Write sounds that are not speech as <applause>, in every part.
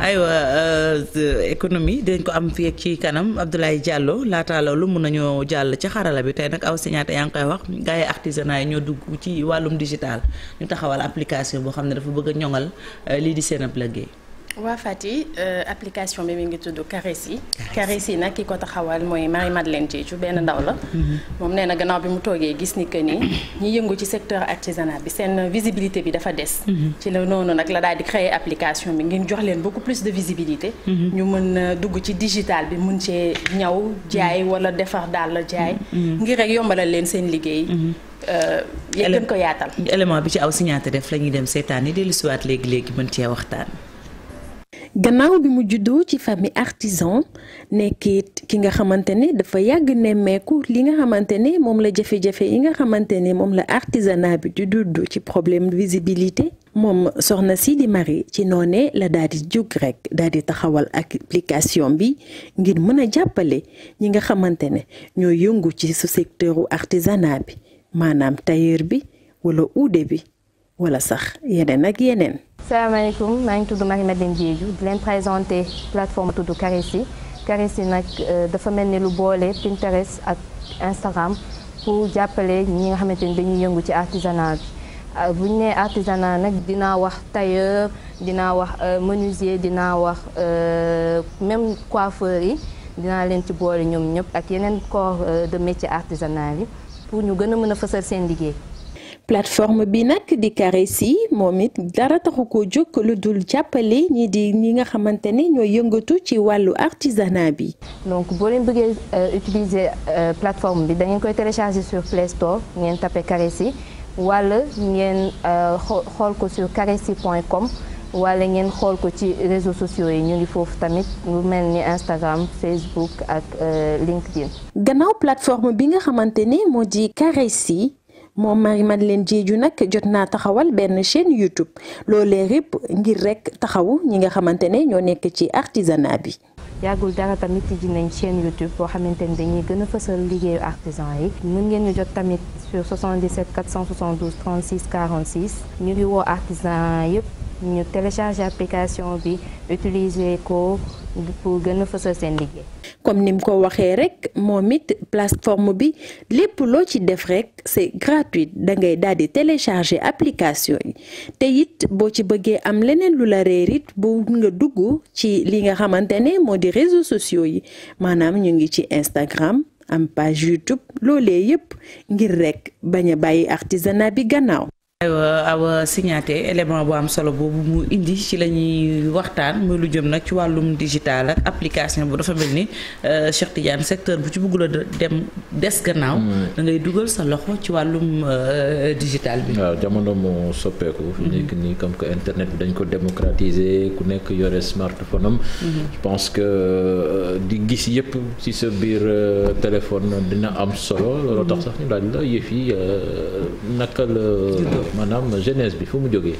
aywa euh, économie dañ ko am fii ci kanam Abdoulaye jàlloo laataa loolu mun nañoo jàll ci xarala bi tey nag aw siñaata yaa ngi koy wax gars yi artisanat yi ñoo dugg ci wàllum digital ñu taxawal application boo xam ne dafa bëgg a ñoŋal euh, lii di seen ab liggéey waa Fati euh, application bi mi ngi tudd Caresse yi. Caresse yi nag ki ko taxawal mooy Marie Madeleine Diédhiou benn ndaw la. moom nee na gannaaw bi mu toogee gis ni que ni ñu yëngu ci secteur artisanat bi seen visibilité bi dafa des. ci la noonu nag la daal di créer application bi ngeen jox leen beaucoup plus de visibilité. ñu mën dugg ci digital bi mun cee ñaw jaay wala defar daal la jaay. ngir rek yombalal leen seen liggéey. Euh, ya gën ko yaatal. élément bi ci aw si ñaata def la dem seetaan yi dellusiwaat léegi léegi mën cee waxtaan. gannaaw bi mu juddoo ci famille artisan nekkit ki nga xamante ne dafa yàgg nemmeeku li nga xamante ne moom la jafe yi nga xamante ne moom la artisanat bi du dudd ci problème visibilité moom soxna si di Marie ci noone la daal di jóg rek daal di taxawal application bi ngir mën a jàppale ñi nga xamante ne ñoo yëngu ci su secteuru artisanat bi maanaam tailleur bi wala uude bi wala sax yeneen ak yeneen. salaamaaleykum maa ngi tudd Marie Madeleine Diédhiou di leen présenté plateforme tudd Carissy Carissy nag euh, dafa mel ni lu boole Pinterest ak Instagram pour jàppale ñi nga xamante ni dañuy yëngu ci artisanat bi euh, bu ñu nee artisanat nag dinaa wax tailleur dinaa wax euh, menuisier dinaa wax même coiffeur yi dinaa leen ci boole ñoom ñëpp ak yeneen corps de métier artisanal yi pour ñu gën a mën a fësal seen liggéey. plateforme bi nag di CARES yi moom it dara taxu ko jóg lu dul jàppale ñi di ñi nga xamante ne ñooy yëngatu ci wàllu artisanat bi. donc boo leen bëggee euh, utiliser euh, plateforme bi da ngeen koy télécharger sur Play ngeen tapé CARES yi wala ngeen euh, xool ko sur caresi.com wala ngeen xool ko ci réseaux sociaux yi ñu ngi foofu tamit lu mel ni Instagram Facebook ak LinkedIn. gannaaw plateforme bi nga xamante moo di CARES moom Marie Madeleine Diédhiou nag jot naa taxawal benn chaîne YouTube loolee répp ngir rek taxawu ñi nga xamante ne ñoo nekk ci artisanat bi. yàggul dara tamit tijji nañ chaîne YouTube boo xamante ni dañuy gën a fësal liggéeyu artisan yi. mën ngeen ñu jot tamit sur 77 472 36 46 ñu ngi woo artisan yëpp. ñu télécharger application bi utiliser ko pour gën a seen liggéey. comme ni mu ko waxee rek moom it plateforme bi lépp loo ci def rek c'est gratuit da ngay daal di télécharger application yi te it boo ci bëggee am leneen lu la réer it boo nga dugg ci li nga xamante ne moo di réseau sociaux yi maanaam ñu ngi ci Instagram. am page YouTube loolee yépp ngir rekk bañ a bàyyi artisanat bi gannaaw aw awa signaté bu am solo boobu mu indi ci la ñuy waxtaan muy lu jëm nag ci wàllum digital ak application bu dafa mel ni euh, Cheikh Tidiane secteur bu ci bëggul a dem des gannaaw. Mm. da ngay dugal sa loxo ci wàllum euh, digital bi. waaw jamono moo soppeeku. fi nekk mm-hmm. nii comme que internet bi dañ ko démocratiser ku nekk yore smartphone am. Mm-hmm. je pense que euh, di gis yëpp ci sa biir téléphone dina am solo. loolu tax mm-hmm. sax ñu laaj la yëf yi naka la. maanaam jeunesse bi foo mu jógee.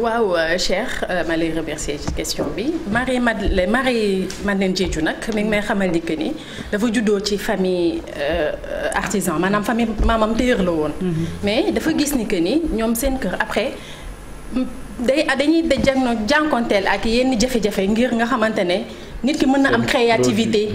waaw euh, Cheikh euh, ma lay remercier ci question bi Marie Madeleine euh, Marie Madeleine Diédhiou nag mi ngi may xamal ni que ni dafa juddoo ci famille artisan maanaam famille maamam téyër la woon. Mhm. mais dafa gis ni que ni ñoom seen kër après day dañuy jàng jànkonteel ak yenn jafe-jafe ngir nga xamante ne nit ki mën na am créativité.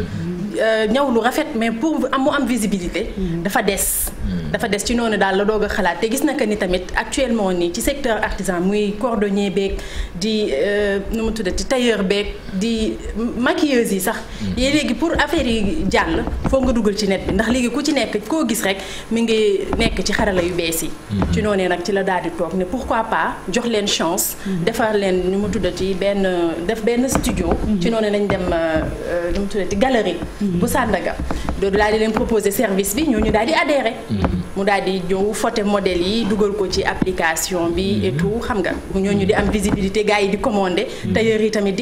Euh, ñaw lu rafet mais pour am mu am visibilité. Mm-hmm. dafa des. Mm-hmm. dafa des ci noonu daal la doog a xalaat te gis na que ni tamit actuellement nii ci secteur artisan muy cordonnier beeg di euh, nu mu tuddati tailleur beeg di maquilleuse yi sax. Mm-hmm. yee léegi pour affaire yi jàll foo nga dugal ci net bi ndax léegi ku ci nekk koo gis rek mi ngi nekk ci xarala yu bees yi. ci noonu nag ci la daal di toog ne pourquoi pas jox leen chance. defar leen nu mu tuddati benn def benn studio. ci noonu lañ dem euh, nu mu tuddati galerie. bu Sandaga doo daal di leen proposer service bi ñooñu daal di adhérer. Mm-hmm. mu daal di ñëw foté modèle yi dugal ko ci application bi et mm-hmm. tout xam nga ñooñu di am visibilité gars yi di commander. Mm-hmm. tailleur yi tamit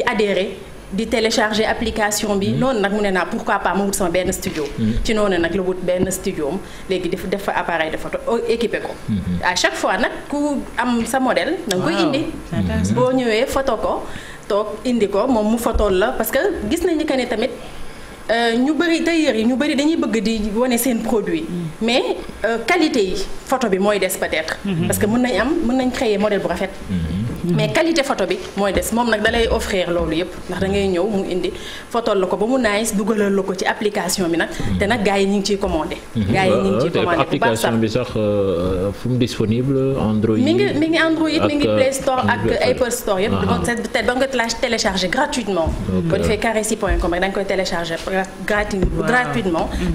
di télécharger application bi. noonu nag mu ne naa pourquoi pas ma wut sama benn studio. ci noonu nag la wut benn studio am léegi def def fa appareil de photo oh, équipé ko. à chaque fois nag ku am sa modèle. da nga koy indi. boo ñëwee photo ko toog indi ko moom mu photo la parce que gis nañu Euh, ñu bëri tailleur yi ñu bëri dañuy bëgg di wane seen produit mm. mais euh, qualité yi photo bi mooy des peut-être mm-hmm. parce que mën nañ am mën nañ créer modèle bu rafet mm-hmm. Mm-hmm. mais qualité photo bi mooy des moom nag dalay offrir loolu yëpp ndax da ngay ñëw mu indi photol la ko ba mu nice dugalal la ko ci application bi nag mm-hmm. te nag gars yi ñu ngi ciy commandé mm-hmm. gars yi ñu bi sax euh, mu ngi mi ngi Android mi ngi Play Store ak Apple Store yëpp ba nga nga koy gratuitement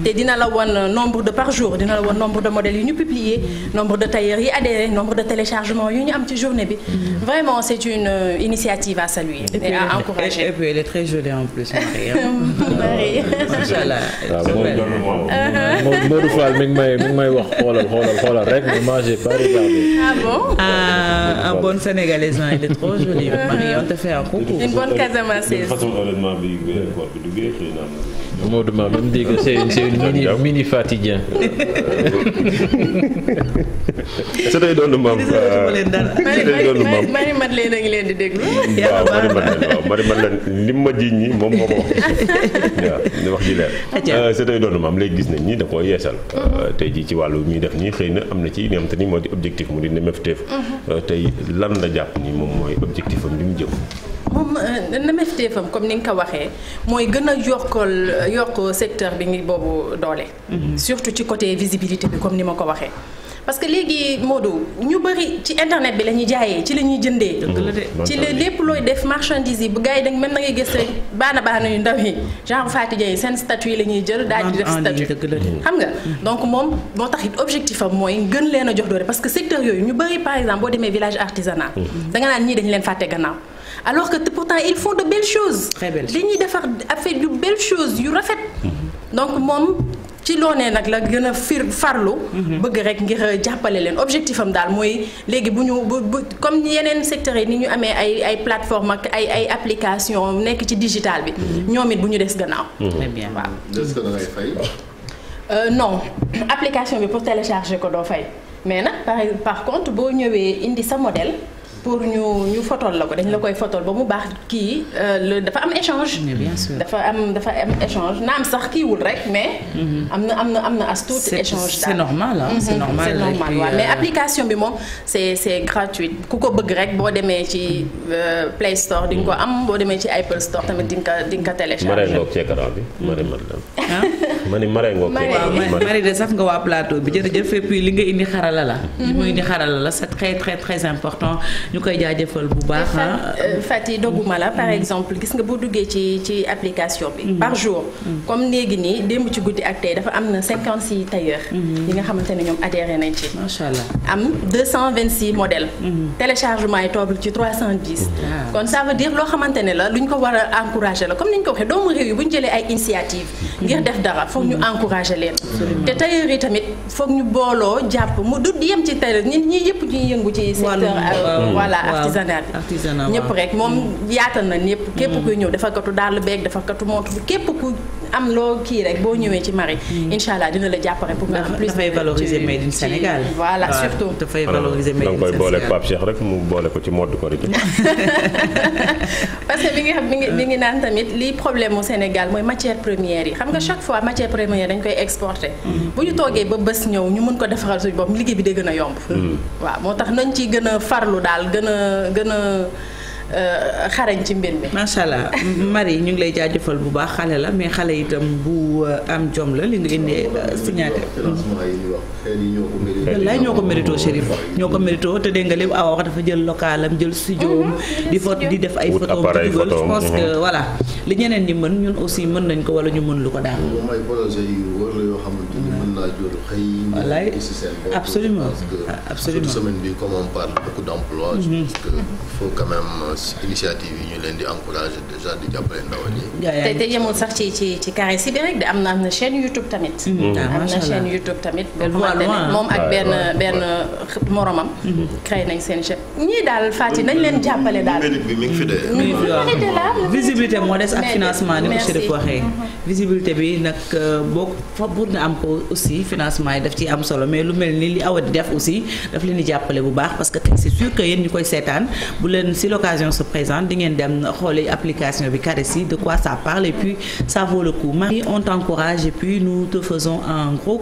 te dina la won euh, nombre de par jour dina la won nombre de modèles yu ñu publié nombre de tailleurs yi adhéré nombre de téléchargement yu ñu am ci journée vraiment c'est une euh, initiative à saluer. et, puis, et à encourager. et puis elle est très jolie en plus Marie. <laughs> Marie macha allah. Ah, ah, ah. Modou Fall mi ngi may mi ngi may wax xoolal xoolal xoolal rek mais moi j'ai pas regardé. ah bon. ah un bon sénégalais elle est trop jolie <laughs> Marie on te fait un coucou. une bonne Casamançaise. de toute façon honnêtement bi weer koor bi duggee xëy na. Maodo Maodo même dégg c'est c'est une mini mini fatidien. su dee maam. Marie Madeleine a leen di déglu. waaw Marie Madeleine li ma ji ñi moom moo ma wax waaw li wax ji leer. su dee maam léegi gis nañ ni da koo yeesal. Euh, tey jii ci wàllu mi def nii xëy na am na ci li ni moo di objectif mu di nemmeef teef. Mhm. Euh, tey lan la jàpp nii moom mooy objectif li mu jëm. moom euh, nameefteefam comme ni nga ko waxee mooy gën a yokkal yokk secteur bi ngi boobu doole. Mhm. surtout ci côté visibilité bi comme ni ma ko waxee. parce que léegi Modou ñu bëri ci internet bi la ñuy jaayee ci la ñuy jëndee. ci la lépp looy def marchandise yi mën na ngay gis rek baana baana yu ndaw yi genre Fatou Ndiaye seen statut yi la ñuy jël. daal di def statut xam nga. donc moom moo tax it objectif am mooy gën leen a jox doole parce que secteur yooyu ñu bëri par exemple boo demee village artisanal. Mhm. danga naan ñii dañu leen fàtte gannaaw. alors que pourtant il faut de belles choses. très ñuy defar affaire yu belles choses yu rafet. donc moom ci loonee nag la gën a fir farlu. Mhm. bëgg rek ngir euh, jàppale leen objectif am daal mooy léegi bu ñu bu comme yeneen secteurs yi ni ñu amee ay ay plateforme ak ay ay application nekk ci digital bi. Mhm. ñoom it bu ñu des gannaaw. Mhm. très bien waaw. est-ce que euh, non application bi pour télécharger ko doo fay mais nag par par contre boo ñëwee indi sa modèle. pour ñu ñu fotol la ko dañ la koy fotol ba mu baax kii euh, dafa am échange. bien sûr dafa am dafa am échange naam sax kiiwul rek mais. Mhm. am na am na am na as tuuti échange. daal c'est normal ah c'est normal. c'est normal mais euh, application bi moom c'est c'est gratuite ku ko bëgg rek boo demee ci euh, Play Store di nga ko am boo demee ci Apple Store tamit di nga ko di nga ko télécharger. ma bi ma ni mare nga ko waaw mari de sax nga waa plateau bi jërëjëf et puis li nga la mhm. la c'est très très très important ñu koy jaajëfal bu baax ah. euh, Fati doguma la par mhm. exemple gis nga boo duggee ci ci application bi mhm. par comme léegi nii démb ci guddi ak tey dafa am na cinquante six tailleurs yi nga xamante ne ñoom adhéré nañ ci macha allah am deux cent vingt six modèles téléchargement yi toobal ci trois cent dix kon ça veut dire loo xamante ne la luñ ko war a encourager la comme niñ ko waxee doomu réew bu ñu jëlee ay initiative ngir def dara foog ñu encourager leen te tailleur yi tamit foog ñu booloo jàpp mu du yem ci tailleur ñun ñii yëpp ñuy yëngu ci secteur euh, voilà artisanat bi ñëpp rek moom yaatal na ñëpp képp mm. kuy ñëw defarkatu dàll beeg defarkatu montre bi képp ku am loo kii rek boo ñëwee ci Marie. Hmm. incha allah dina la jàppale pour nga am plus. dafay valoriser Made in Sénégal. voilà surtout dafay koy boole ko ci mode Korité. <laughs> parce que bi nga xam bi ngi ngi naan tamit lii problème mu Sénégal mooy matière première yi xam nga hmm. chaque fois matière première dañ koy exporter. Hmm. bu ñu toogee ba bés ñëw ñu mën ko defaral suñu bopp liggéey bi day gën a yomb. waaw moo tax nañ ci gën a farlu daal gën a gën a. Euh, xarañ ci mbir mi. macha allah Marie ñu ngi lay jaajëfal bu baax xale la mais xale itam bu euh, am jom la li nga indee signaté. wallaay ñoo ko mérito Chérif ñoo ko mérito te dégg nga li awa wax dafa jël localam jël studio mhm, di foto di def ay photo bu dugal je pense mhm. li ñeneen ñi mën ñun aussi mën nañ ko wala ñu mën lu ko daal. naajur xëy. wallaay absolument parce que absolument semaine bi comme on parle beaucoup d'emploi. je mhm. pense que il faut quand euh, initiative yi ñu leen di encourager déjà di jàppale ndaw ñi. te te yemoon sax ci ci ci carré Sibérek de am na am na chaîne YouTube tamit. Mhm. am ah, na chaîne YouTube tamit. moom ak benn benn moromam. Mhm. créé nañ seen chaîne ñii daal Fatick nañ leen jàppale daal. bi visibilité moo des ak financement ni monsieur Diouf waxee. visibilité bi nag euh, boo fa pour nga am ko. aussi financement yi daf ciy am solo mais lu mel ni li awa di def aussi daf leen jàppale bu baax parce que tey c'est sûr que yéen ñu koy seetaan bu leen si l'occasion se présente di ngeen dem xooli application bi Caresse yi de quoi ça parle et puis ça vaut le coup Marie on t'encourage et puis nous te faisons un gros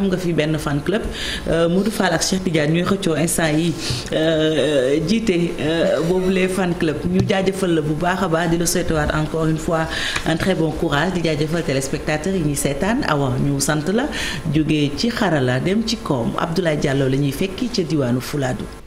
nga fi benn fan club euh, Modou Fall ak Cheikh Tidiane ñuy xëccoo instant yi euh, jiite euh, boobu les fan club ñu jaajëfal la bu baax a baax di la souhaitewaat encore une fois un très bon courage di jaajëfal téléspectateurs yi ñuy seetaan awa ñu sant la jóge ci xarala dem ci koom Abdoulaye Diallo la ñuy fekki ca diwaanu Fulaadu